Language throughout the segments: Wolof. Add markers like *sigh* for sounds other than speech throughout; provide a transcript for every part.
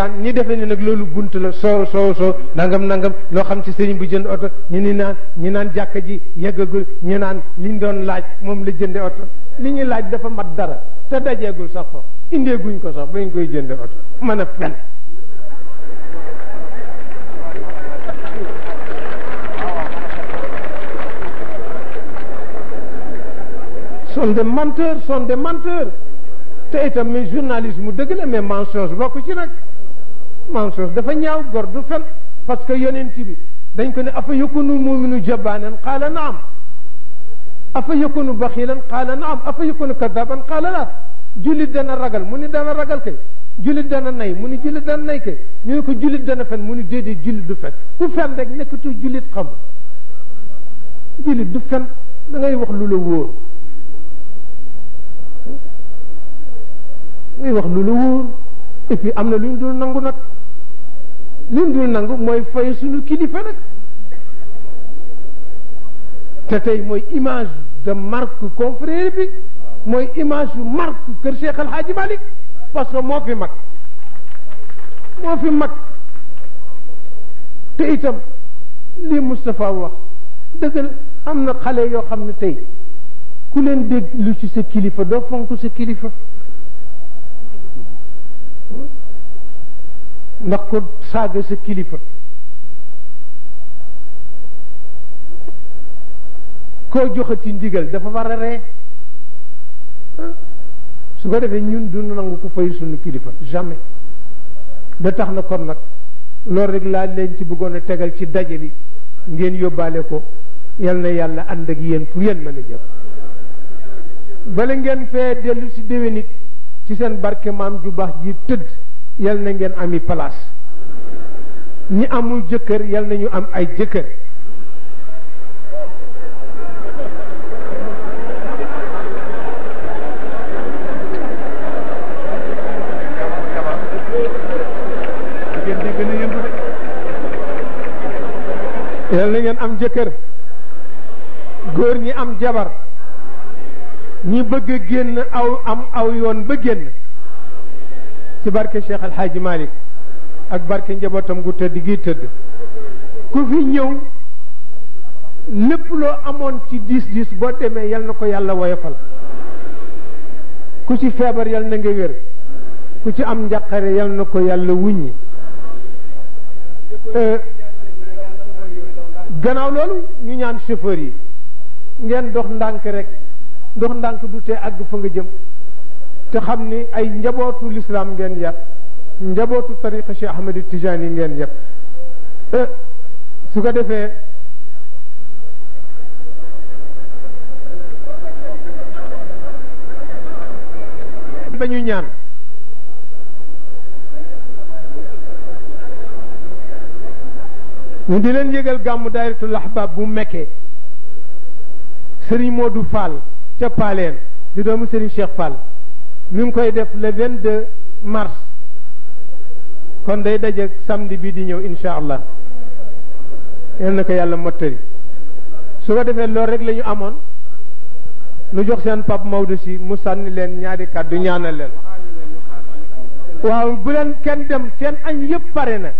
daan ñi defee ne nag loolu bunt la soow soow soow nangam nangam loo xam ci sëriñ bu jënd oto ñu ni naan ñu naan jàkka ji yeggagul ñu naan liñ doon laaj moom la jënde oto li ñuy laaj dafa mat dara te dajeegul sax fa indeeguñ ko sax bañ koy jënde oto mën a fen sont des menteurs sont des menteurs te itam mi journalisme mu dëgg la mais mensonge bokk ci nag Mansour dafa ñaaw gor du fen parce que yonent bi dañ ko ne afa yakunu muminu jabaanan qaala naam afa yakunu baxilan qaala naam afa yakunu kadaban qaala laa jullit dana ragal mu ni dana ragal kay jullit dana nay mu ni jullit dana nay kay ñu ne ko jullit dana fen mu ni déedéet jullit du fen ku fen rek nekkatu julit xam jullit du fen da ngay wax lu la wóor da ngay wax lu la et puis am na lu ñu dul nangu nag lu ñu dul nangu mooy fay suñu kilifa nag te tey mooy image de marque confrère bi mooy image yu marque kër Cheikh Al Hadji Malick parce que moo fi mag moo fi mag te itam li Moustapha wax dëgg la am na xale yoo xam ne tey ku leen dégg lu ci sa kilifa doo fonk sa kilifa ndax ko saaga sa kilifa koo joxati ndigal dafa war a ree su ko defee ñun du nangu ko fay suñu kilifa jamais ba tax na ko nag loolu rek laa leen ci bëggoon a tegal ci daje bi ngeen yóbbaale ko yal na yàlla ànd ak yéen fu yéen mën a jëm bala ngeen fee dellu si déwénit ci seen barke maam ju baax ji tëdd yal na ngeen ami place ñi amul jëkkër yal nañu am ay jëkkër yal na ngeen am jëkkër góor ñi am jabar ñi bëgg a génn aw am aw yoon ba génn ci barke Cheikh Al Hadj ak barke njabootam gu tëdd gi tëdd ku fi ñëw lépp loo amoon ci diis diis boo demee yal na ko yàlla woyofal ku ci feebar yal na nga wér ku ci am njàqare yal na ko yàlla wuññi euh, gannaaw loolu ñu ñaan chauffeur yi ngeen dox ndànk rekk ndox ndànk du tee àgg fa nga jëm te xam ni ay njabootu lislaam ngeen yar njabootu tariqa Cheikh Ahmed Tidiane yi ngeen yar eh, su ko defee dañu ñaan ñu di leen yëgal gàmmu daayiratul ahbaab bu mekkee Serigne Modou Fall ca Paaleen di doomu Serigne Cheikh Fall mi ngi koy def le 22 mars kon day daje samedi bii di ñëw incha allah yal na ko yàlla mottali su ko defee loolu rek lañu amoon lu jox seen pap Maodo si mu sànni leen ñaari kàddu ñaanal leen waaw bu leen kenn dem seen añ yëpp pare na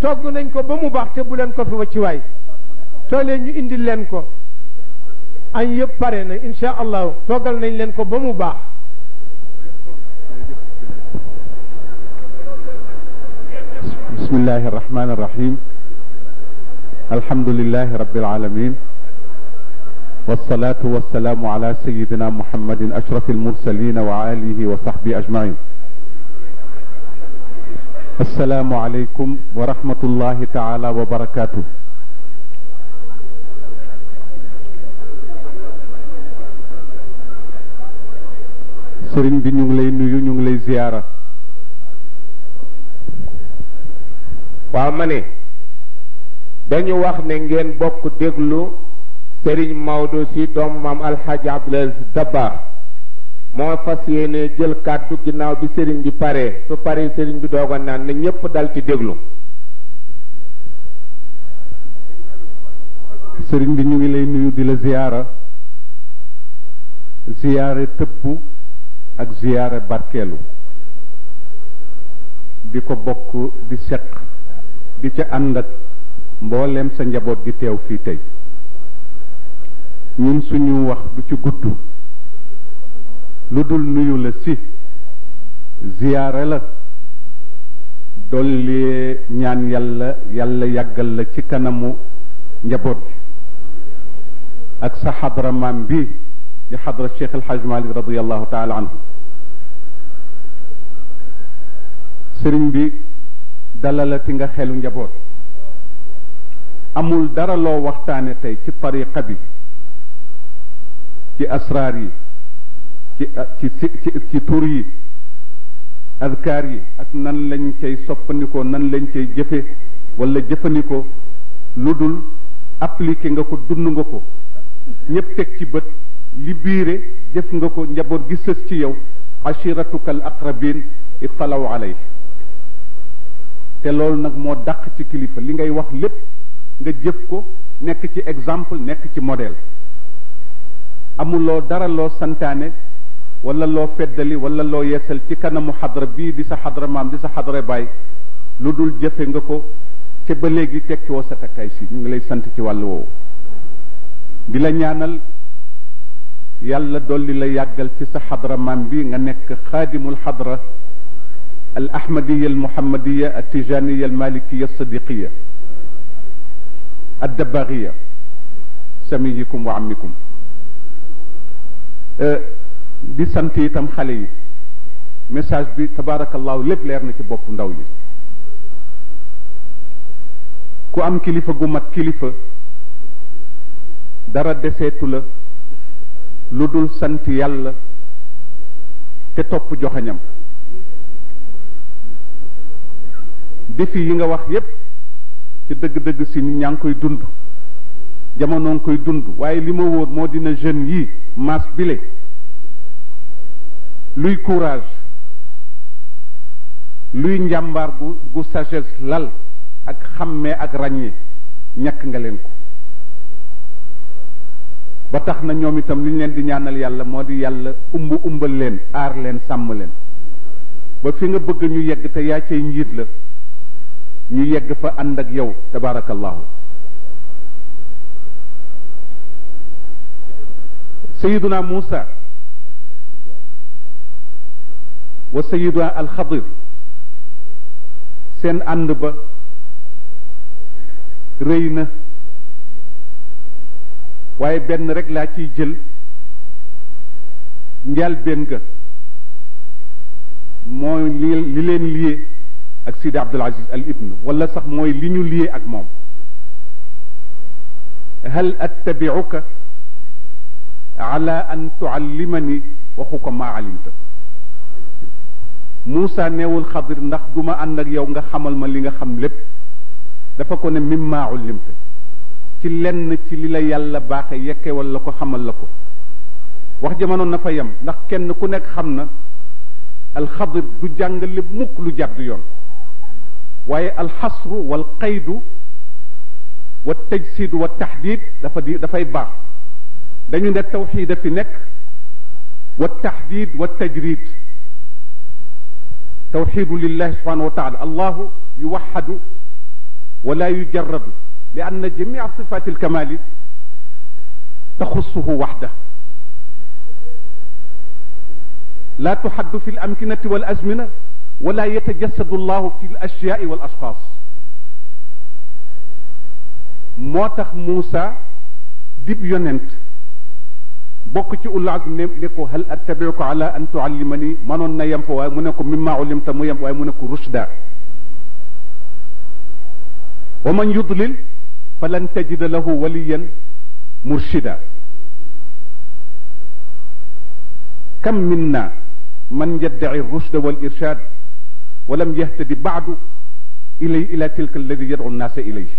togg nañ ko ba mu baax te bu leen ko fi wacci waay toolee ñu indi leen ko أن yëpp إن شاء الله allahu toggal nañ leen بسم الله الرحمن الرحيم الحمد لله رب العالمين والصلاة والسلام على سيدنا محمد أشرف المرسلين وآله وصحبه أجمعين السلام عليكم ورحمة الله تعالى وبركاته sëriñ bi ñu ngi lay nuyu ñu ngi lay ziyaara waaw ma ne dañu wax ne ngeen bokk déglu sëriñ Maodo si doom maam alxaaji Abdulaziz Dabaax fas yéene jël kàddu ginnaaw bi sëriñ bi pare su pare sëriñ bi dooga na ñépp dal ci déglu sëriñ bi ñu ngi lay nuyu di la ziyaara ziyaare tëbbu ak ziyaare barkeelu di ko bokk di seq di ca ànd ak mbooleem sa njaboot gi teew fii tey ñun suñu wax du ci gudd lu dul nuyu la si ziyaare la dolli ñaan yàlla yàlla yàggal la ci kanamu njaboot gi ak sa xabramaam bi لحضرة الشيخ الحاج Malick radiyallahu taala anhu sëriñ bi dalalati nga xelu njaboot amul dara loo waxtaane tey ci tariqa bi ci asraar yi ci ci ci ci tur yi adkaar yi ak nan lañ cay soppandikoo nan lañ cay jëfe wala jëfandikoo lu dul appliqué nga ko dund nga ko ñëpp teg ci bët li biire jëf nga ko njaboot gi sës ci yow ashiratuka al aqrabin ittalaw alay te loolu nag moo daq ci kilifa li ngay wax lépp nga jëf ko nekk ci exemple nekk ci modèle amuloo dara loo santaane wala loo feddali walla loo yeesal ci kanamu xadra bii di sa xadra maam di sa xadra baay lu dul jëfe nga ko te ba léegi tekkiwoo sa takkaay si ñu ngi lay sant ci wàll woowu di la ñaanal يالا دولي لا يغال سي حضره مام بي خادم الحضره الاحمديه المحمديه التجانيه المالكيه الصديقيه الدباغيه سميكم وعمكم أه، دي سانت ايتام خالي ميساج بي تبارك الله ليب ليرنا سي بوب نداوي كو ام كليفه غومات كليفه دارا ديسيتو lu dul sant yàlla te topp joxañam défi yi nga wax yépp ci dëgg-dëgg si nit ñaa koy dund jamono ngi koy dund waaye li ma wóor moo dina jeunes yi masse bile luy courage luy njàmbaar gu gu sagesse lal ak xàmmee ak ràññee ñàkk nga leen ko ba tax na ñoom itam li ñu leen di ñaanal yàlla moo di yàlla umb umbal leen aar leen sàmm leen ba fi nga bëgg ñu yegg te yaa cay njiit la ñu yegg fa ànd ak yow tabaarakallaahu sayiduna muusa wa sayiduna alxadir seen ànd ba rëy na waaye benn rek laa ciy jël njaal benn ga mooy li leen lié ak Sidi Abdul Aziz al ibn wala sax mooy li ñu lié ak moom hal attabiuka ala an tuallimani waxu ko maa alimta Moussa neewul xadir ndax du ma ànd ak yow nga xamal ma li nga xam lépp dafa ko ne mimma ullimta ci lenn ci li la yàlla baaxe yekkewal la ko xamal la ko wax ja mënoon na fa yem ndax kenn ku nekk xam na alxadir du jàngale mukk lu jàdd yoon waaye alxasru wal qaydu wa tajsid wa taxdid dafa di dafay baax dañu ne tawxida fi nekk wa taxdid wa tajrid tawxidu lillahi subhanahu wa taala allahu yuwaxadu wala yujarradu لأن جميع صفات الكمال تخصه وحده لا تحد في الأمكنة والأزمنة ولا يتجسد الله في الأشياء والأشخاص موتخ موسى ديب يوننت بوكتي أول عزم نيكو هل أتبعك على أن تعلمني منون نيم فوا منكو مما علمت ميم وأي منكو رشدا ومن يضلل فلن تجد له وليا مرشدا كم منا من يدعي الرشد والإرشاد ولم يهتدي بعد إلى إلى تلك الذي يدعو الناس إليه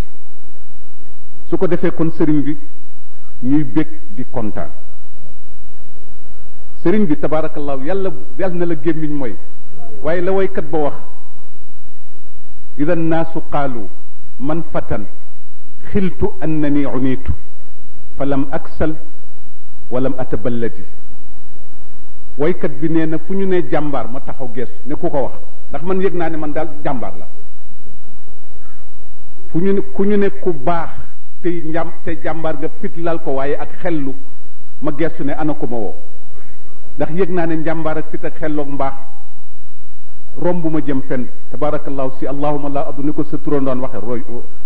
سوكو دفي كون سيرين بي ني بيك دي كونتان سيرين بي تبارك الله يالا يالا نلا جيمين موي واي لا واي كات با واخ اذا الناس قالوا من فتن xiltu annani uniitu ak lam aksal walam ataballadi woykat bi nee na fu ñu ne jàmbaar ma taxaw geesu ne ku ko wax ndax man yëg naa ne man daal jàmbaar la fu ñu ku ñu ne ku baax te njàm te jàmbaar nga fitlal ko waaye ak xellu ma geesu ne ana ko ma woo ndax yëg naa ne njàmbaar ak fit ak xelloog mbaax romb ma jëm fenn tabarakallah si allahumma la addu ni ko sa turoon daan waxe roy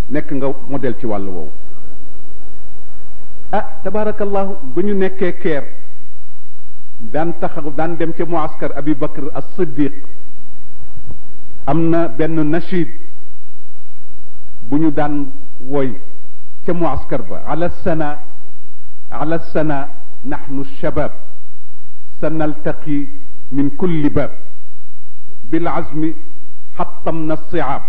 nekk nga model ci walu wow ah tabarakallah buñu nekké kër dan daan taxaw daan dem ci muaskar abi bakr as siddiq amna ben benn buñu dan woy ci muaskar ba ala sana ala sana nahnu ash shabab sanaltaqi min kulli bab bil azmi xattam na siaab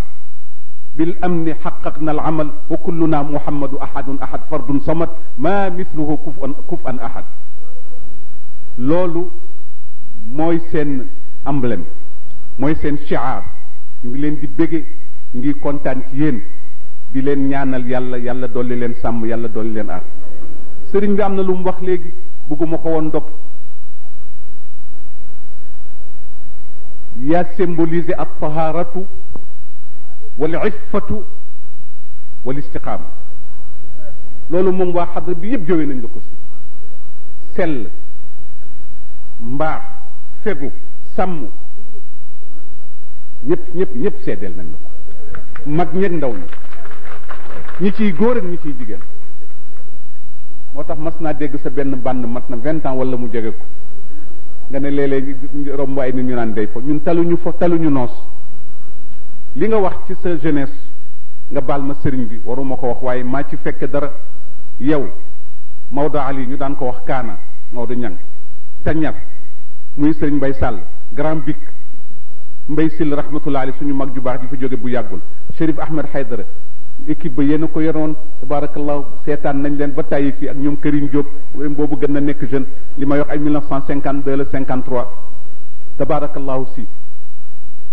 bil amni xaqaq na al amal wa kulluna muhammadu ahadun ahad fardun samad ma misluhu kuf kuf an ahad loolu mooy seen emblème mooy seen shiaar ñu ngi leen di bége ñu ngi kontaan ci yéen di leen ñaanal yàlla yàlla dolli leen sàmm yàlla dolli leen aar sëriñ bi am na lu mu wax léegi bëgguma ko woon ndopp yaa symbolisé al taharatu wal iffatu wal istiqaama loolu moom waa xadra bi yëpp jowee nañ la ko si sell mbaax fegu sàmm ñëpp ñëpp ñëpp seedeel nañ la ko mag ñeg ndaw ñi ñi ciy góor ak ñi ciy jigéen moo tax mas naa dégg sa benn bànn mat na vingt ans wala mu jege ko nga ne léeg-léeg romb ay nit ñu naan day fo ñun taluñu fo taluñu noos li nga wax ci sa jeunesse nga baal ma sëriñ bi waruma ko wax waaye maa ci fekk dara yow Maodo Ali ñu daan ko wax Kaana Maodo Ñang Tañar muy sëriñ Mbay Sàll Grand Bic Mbay Sill rahmatullahi suñu mag ju baax ji fi jóge bu yàggul Chérif Ahmed Haydara équipe ba yéen a ko yoroon tabarakallahu seetaan nañ leen ba tàyyi fii ak ñoom Karim Diop boobu gën na nekk jeune li ma yox ay mille neuf cent cinquante deux la cinquante trois si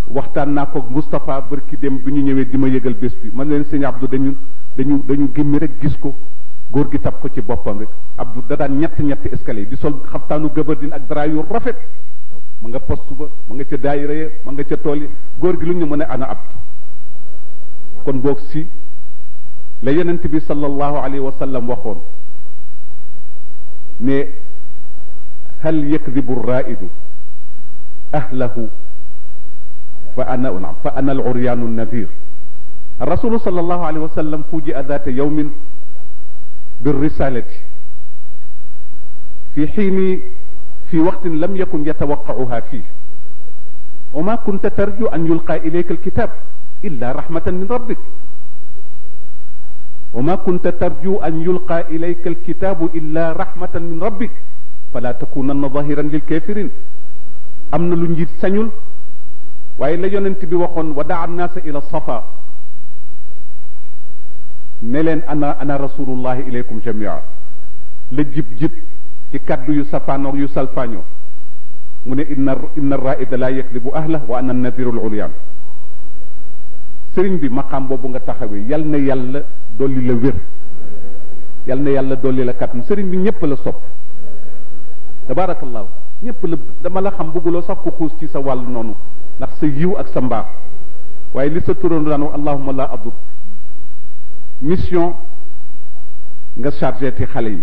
waxtaan naa ko Moustapha bërki dem bi ñu ñëwee di ma yëgal bés bi man leen sëñ Abdou dañu dañu dañu gémmi rek gis ko góor gi tab ko ci boppam rek Abdou da daan ñett ñetti escalier di sol xaftaanu gabardine ak dara yu rafet mu nga post ba mu nga ca daayira ya ma nga ca tool yi góor gi lu ñu mën a ana Abdou kon boog si la yonent bi sallallahu alayhi wa sallam waxon ne hal yakdhibu ar-ra'id ahlahu fa ana naam fa ana al uryan uryaanu nadir الرسول صلى الله عليه وسلم فوجئ ذات يوم بالرسالة في حين في وقت لم يكن يتوقعها فيه وما كنت ترجو أن يلقى إليك الكتاب إلا رحمة من ربك وما كنت ترجو أن يلقى إليك الكتاب إلا رحمة من ربك فلا تكونن ظاهرا للكافرين أمن لنجد سنيل وإلا يننت بوخن ودع الناس إلى الصفا نلن أنا أنا رسول الله إليكم جميعا لجب جب ci يسفانو yu من إن الرائد لا يكذب أهله وأنا النذير العليان sëriñ bi maqaam boobu nga taxawee yal na yàlla dolli la wér yal na yàlla dolli la kattan sëriñ bi ñëpp la sopp tabaarakallaahu ñëpp la dama la xam bëgguloo sax ku xuus ci sa wàll noonu ndax sa yiw ak sa mbaax waaye li sa turoon daan wax allahuma la abdur mission nga chargé ti xale yi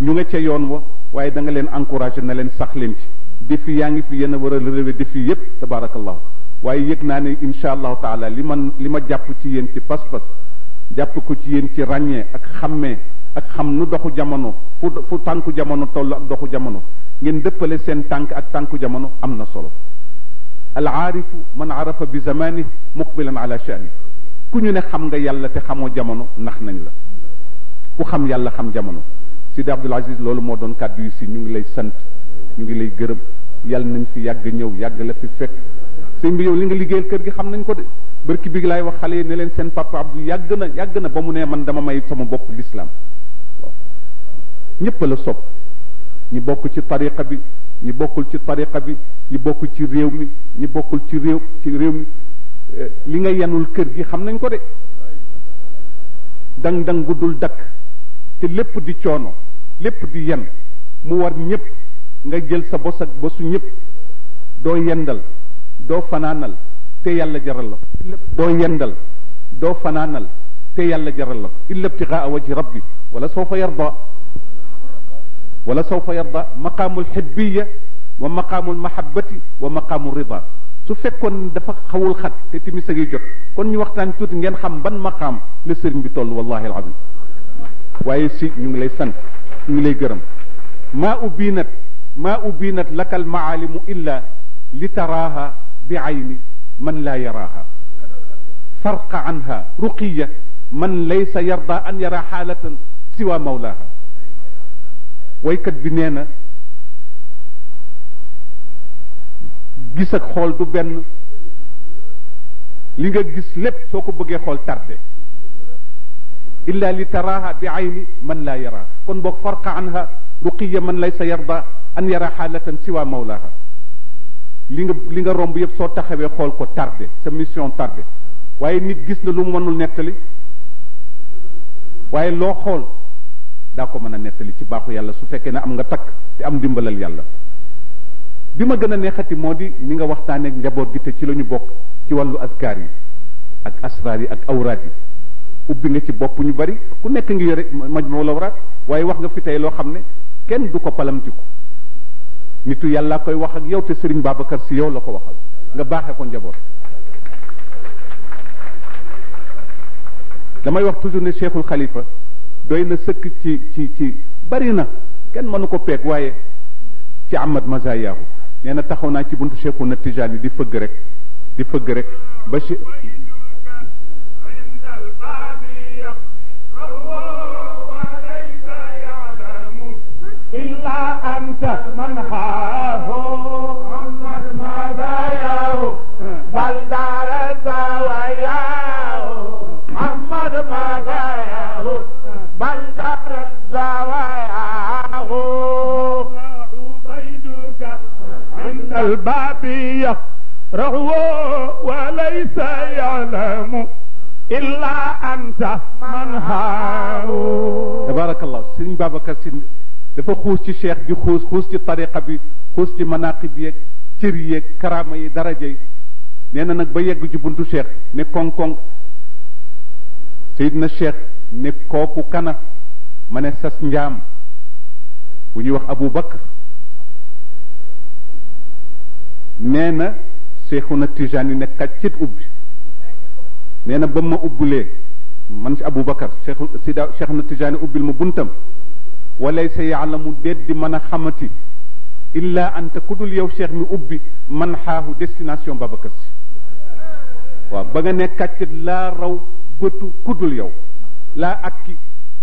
ñu nga ca yoon wa waaye da nga leen encouragé na leen sax leen ci défi yaa ngi fi yéen a war a relever défi yépp tabaarakallaahu waaye yëg naa ne incha allahu taala li man li ma jàpp ci yéen ci pas-pas jàpp ko ci yéen ci ràññee ak xàmmee ak xam nu doxu jamono fu fu tànku jamono toll ak doxu jamono ngeen dëppale seen tànk ak tànku jamono am na solo al aarifu man arafa bi zamani muqbilan ala shani ku ñu ne xam nga yàlla te xamoo jamono nax nañ la ku xam yàlla xam jamono Sidi Abdul Aziz loolu moo doon kàddu yi si ñu ngi lay sant ñu ngi lay gërëm yàlla nañ fi yàgg ñëw yàgg la fi fekk sëñ bi yow li nga liggéeyal kër gi xam nañ ko de bërki bi laay wax xale yi ne leen seen papa Abdou yàgg na yàgg na ba mu nee man dama may sama bopp lislaam waaw ñëpp la sopp ñi bokk ci tariqa bi ñi bokkul ci tariqa bi ñi bokkul ci réew mi ñi bokkul ci réew ci réew mi eh, li nga yenul kër gi xam nañ ko de dang dang guddul dakk te lépp di coono lépp di yen mu war ñépp nga jël sa boss ak bossu ñep do yendal do fananal te yàlla jaral la do yendal do fananal te yàlla jaral la illa ibtigaa wajhi rabbi wala sawfa yarda wala sawfa yarda maqaamul hubbiyya wa maqaamul mahabbati wa maqaamul ridha su fekkon dafa xawul xat te timis ak jot kon ñu waxtaan tuti ngeen xam ban maqam le serign bi toll wallahi alazim waye si ñu ngi lay sant ñu ngi lay gërëm ma ubinat ما أبينت لك المعالم إلا لتراها بعين من لا يراها فرق عنها رقية من ليس يرضى أن يرى حالة سوى مولاها ويكد بنينا جسك خول دو لنجا جس لب سوكو بغي خول تردي إلا لتراها بعين من لا يراها كن بو فرق عنها رقية من ليس يرضى an yara xaalatan siwa mawlaha li nga li nga romb yëpp soo taxawee xool ko tardé sa mission tardé waaye nit gis na lu mu mënul nettali waaye loo xool daa ko mën a nettali ci baaxu yàlla su fekkee ne am nga takk te am dimbalal yàlla bi ma gën a neexati moo di mi nga waxtaaneek njaboot gi te ci lañu bokk ci wàllu askaar yi ak asraar yi ak awraat yi ubbi nga ci boppu ñu bari ku nekk ngi yore maj ma lawraat waaye wax nga fi tey loo xam ne kenn du ko palamtiku nit yàlla koy wax ak yow te sëriñ Babacar si yow la ko waxal nga baaxee ko njaboot damay wax toujours ne Cheikhul Khalifa doy na sëkk ci ci ci bari na kenn mënu ko peeg waaye ci Ahmad Mazayahu nee na taxaw naa ci buntu Cheikhu na Tijaan di fëgg rek di fëgg rek ba che أنت من خاف محمد ما داياه بل دار الزواياه محمد ما داياه بل دار الزواياه عبيدك عند البابية رهو وليس يعلم إلا أنت من هاو تبارك الله سيدي بابا كسيدي dafa xuus ci cheikh bi xuus xuus ci tariqa bi xuus ci manaqib yeeg cër yeeg karaama yi daraja yi nee na nag ba yegg ci buntu cheikh ne koŋ-koŋ sayidna cheikh ne kooku kana ma ne sas njaam bu ñuy wax abu bakr nee na cheikhuna tijaan yi ne kaccit ubbi nee na ba ma ubbulee man ci abu bakar cheikh sida cheikhuna tijaan yi ubbil ma buntam وليس يعلم ديد من خمتي الا ان تكدل يو شيخ مي اوبي من حاه ديستيناسيون بابا كاس وا باغا لا رو غوتو كدو يو لا اكي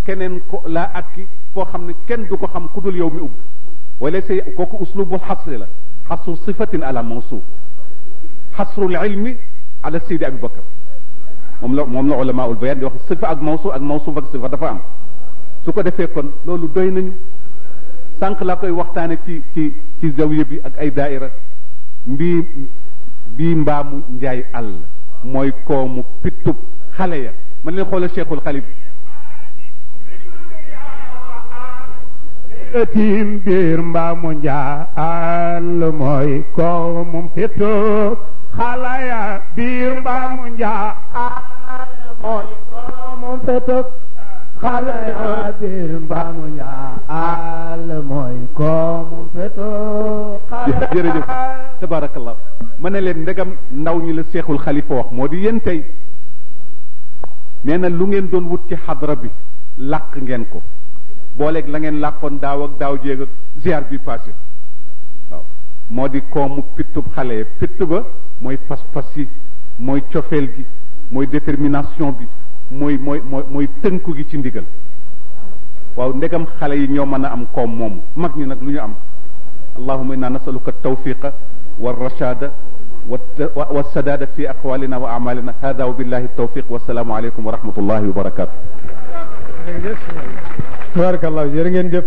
كنن لا اكي فو خامني كين دوكو خام كدل يو مي اوب وليس كوكو اسلوب الحصر لا حصر صفه على موسو حصر العلم على السيد ابي بكر موم لا علماء البيان دي واخ صفه اك موصوف اك موصوف اك صفه دا su ko defee kon loolu doy nañu sànq laa koy waxtaane ci ci ci zawiya bi ak ay daaira mbii bii mbaamu njaay àll mooy koomu pittub xale ya man leen xoola cheikhul xalif tim biir mbaamu njaa àll mooy koomu pittub xale ya biir mbaamu njaa àll mooy koomu pittub xalaatir mbaamu ñaa àll mooy koomu feto jërëjëf tabarakallah ma ne leen ndegam ndaw ñi la seexul xalifa wax moo di yéen tey nee na lu ngeen doon wut ci xadra bi làq ngeen ko booleeg la ngeen làqoon daaw ak daaw jéeg ak ziar bi passé waaw moo di koomu pittub xale pitt ba mooy pas-pas yi mooy cofeel gi mooy détermination bi mooy mooy mooy mooy tënku gi ci ndigal waaw ndegam xale yi ñoo mën a am koom moomu mag ñi nag lu ñu am allahuma inna nasaluka tawfiqa wa rashada wa sadaada fi aqwalina wa amalina hada wa billahi tawfiq wasalaamu aleykum wa rahmatullahi wa barakatu tabarakallah jërë ngeen jëf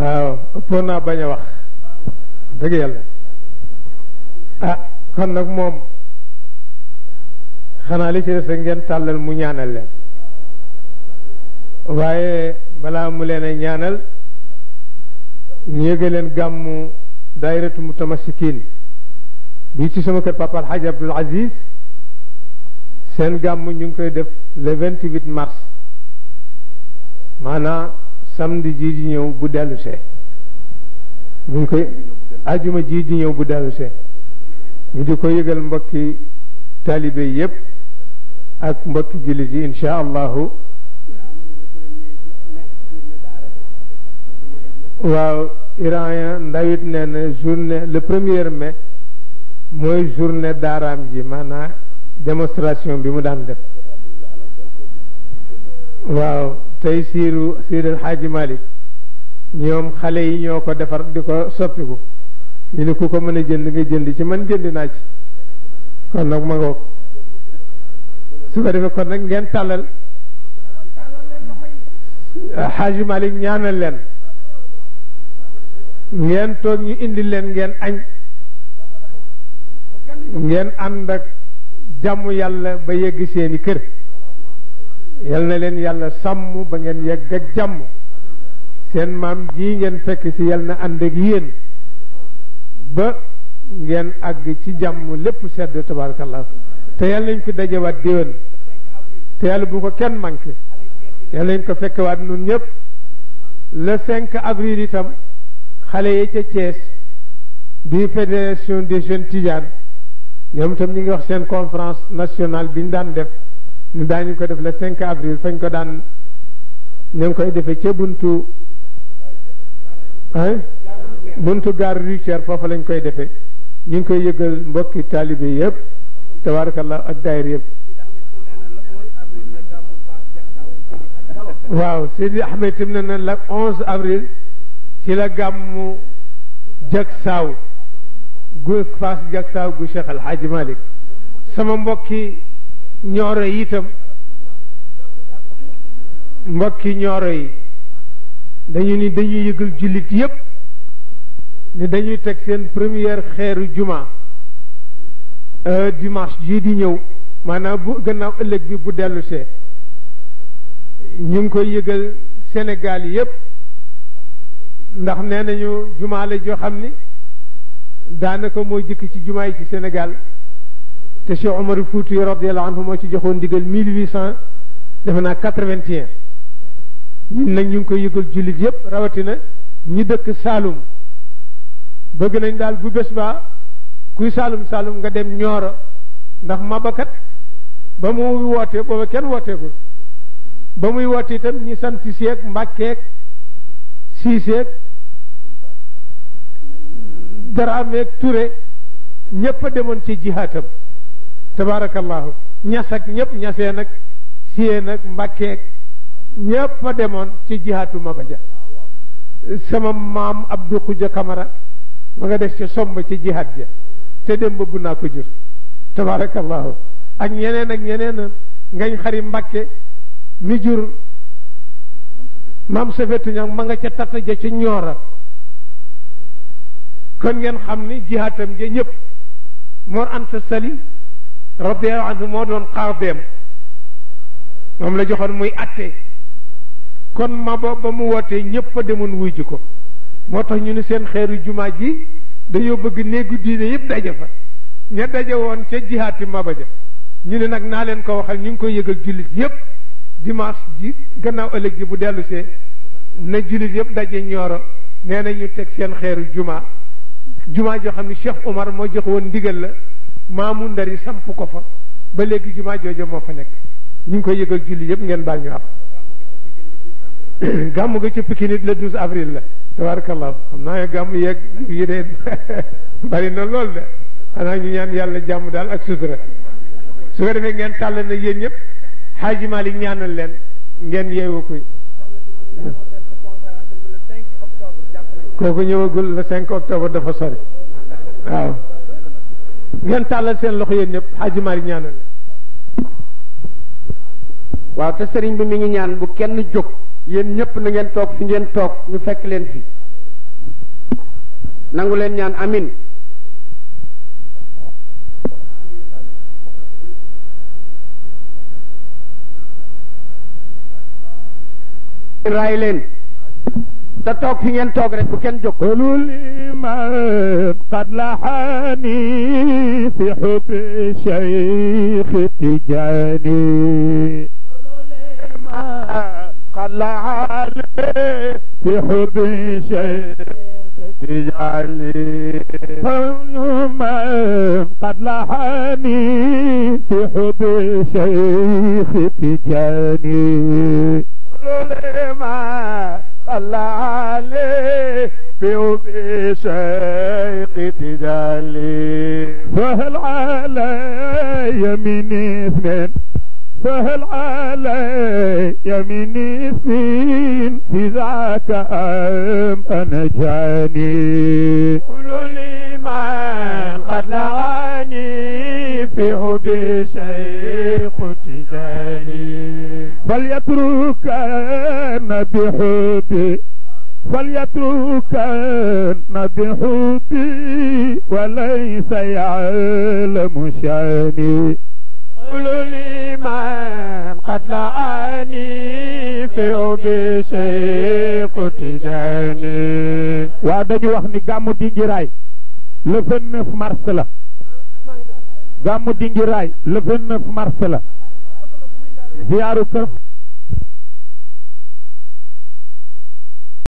waaw ëppoon naa bañ a wax dëgg yàlla ah kon nag moom xanaa li ci des rek ngeen tàllal mu ñaanal leen waaye balaa mu leen ay ñaanal ñu yëge leen gàmmu daayiratu mutamassikin bii ci sama kër papa alxaaji abdul aziz seen gàmmu ñu ngi koy def le vingt-huit mars maanaam samedi jii di ñëw bu dellusee ñu ngi koy ajuma jii di ñëw bu dellusee ñu di ko yëgal mbokki taalibe yépp ak mbokki jullit yi incha allahu waaw iranien ndawit nee journée le premier mais mooy journée daaraam ji maanaam démonstration bi mu daan def waaw tey siiru siidal xaaji malik ñoom xale yi ñoo ko defar di ko soppiku ñu ne ku ko mën a jënd nga jënd ci man jënd naa ci kon nag ma su ko defee kon nag ngeen tàllal xaaji Malick ñaanal leen ngeen toog ñu indi leen ngeen añ ngeen ànd ak jàmm yàlla ba yegg seeni kër yal na leen yàlla sàmm ba ngeen yegg ak jàmm seen maam ji ngeen fekk ci yal na ànd ak yéen ba ngeen àgg ci jàmm lépp sedd tabarakallah te yàlla nañ fi dajewaat déwén te yàlla bu ko kenn manqué yàlla nañ ko fekkewaat nun ñëpp le 5 avril itam xale yi ca Thiès di fédération des jeunes tidiane ñoom itam ñu ngi wax seen conférence nationale bi ñu daan def ñu daañu ko def le 5 avril fañ ko daan ñu ngi koy defee ca buntu ah buntu gare routière foofu lañ koy defee ñu ngi koy yëgal mbokki taalibe yëpp tabaarakallah ak daayir yëpp waaw Sidi Ahmed tim ne na la onze avril ci la gàmmu jag saaw gu faas jag gu Cheikh El Hadj sama mbokki ñooro yi itam mbokki ñooro yi dañu ni dañuy yëgal jullit yëpp ne dañuy teg seen première xeeru jumaa euh, dimanche jii di ñëw maanaam bu gannaaw ëllëg bi bu dellusee ñu ngi koy yëgal Sénégal yépp ndax nee nañu jumaa la joo xam ni daanaka mooy jëkk ci jumaa yi ci Sénégal te Cheikh Omar Fouti radiyallahu anhu moo ci joxoon ndigal mille huit cent naa quatre-vingt-un nag ñu ngi koy yëgal jullit yépp rawatina ñi dëkk Saalum bëgg nañ daal bu bés baa kuy saalum saalum nga dem ñooro ndax mabakat ba mu woote booba kenn wooteegul ba muy woote itam ñi sant seeg mbàkkeeg siiseeg daraameeg ture ñépp a demoon ci jihaatam tabaarakallaahu ñas ak ñépp ñasee nag siyee nag mbàkkeeg ñépp demoon ci jihaatu mabaja sama maam Abdou Xuja Kamara ma nga def ci somb ci jihad ja te dem bëgg naa ko jur tabarakallahu ak ñeneen ak ñeneen ngañ xari mbàkke mi jur maam safetu ñag ma nga ca tata ja ca ñoora kon ngeen xam ni jihaatam ja ñépp Mor Anta Sali radiyallahu anhu moo doon xaadeem moom la joxoon muy atte kon ma ba ba mu wootee ñëpp a demoon wuy ko moo tax ñu ni seen xeeru jumaa ji dañoo bëgg néegu diine yëpp daje fa ña daje woon ca jihaati mabaja ñu ne nag naa leen ko waxal ñu ngi koy yëgal jullit yëpp dimanche ji gannaaw ëllëg ji bu dellusee na jullit yëpp daje ñooro nee na ñu teg seen xeeru jumaa jumaa joo xam ne Cheikh Omar moo jox woon ndigal la maamu ndari samp ko fa ba léegi jumaa joojo moo fa nekk ñu ngi koy yëgal jullit yëpp ngeen baal ñu am *coughs* gàmm ga ci Pikine nit le 12 avril la tabarakallah xam naa ne gàmm yeeg yi de *laughs* bari na lool de xanaa ñu ñaan yàlla jàmm daal ak sutura su ko defee ngeen tàllal na yéen ñëpp xaaji Malik ñaanal leen ngeen yeewu ko kooku ñëwagul le 5 dafa sori waaw ngeen tàllal seen loxo yéen ñëpp xaaji Malik ñaanal leen waaw te sëriñ bi mi ngi ñaan bu kenn jóg Yen ñepp na ngeen tok fi ngeen tok ñu fekk leen fi nangu leen ñaan amin ray leen ta tok fi ngeen tok rek bu kenn jóg ulul qad fi hubbi shaykh tijani على في حب شيء اجعلني يوما قد لحاني في حب شيخ تجاني لما خلى في حب شيخ تجاني فهل على يميني اثنين سهل علي يميني فين في ذاك أم أنا جاني قولوا لي من قد لغاني فيه بشيخ تجاني فليتركن بحبي فليتركن بحبي وليس يعلم شاني قولوا لي من قد لعاني في أبي شيخ تجاني وعدني وحني قاموا دينجراي le 29 mars la gàmmu Dingiraay le 29 mars la ziyaaru kër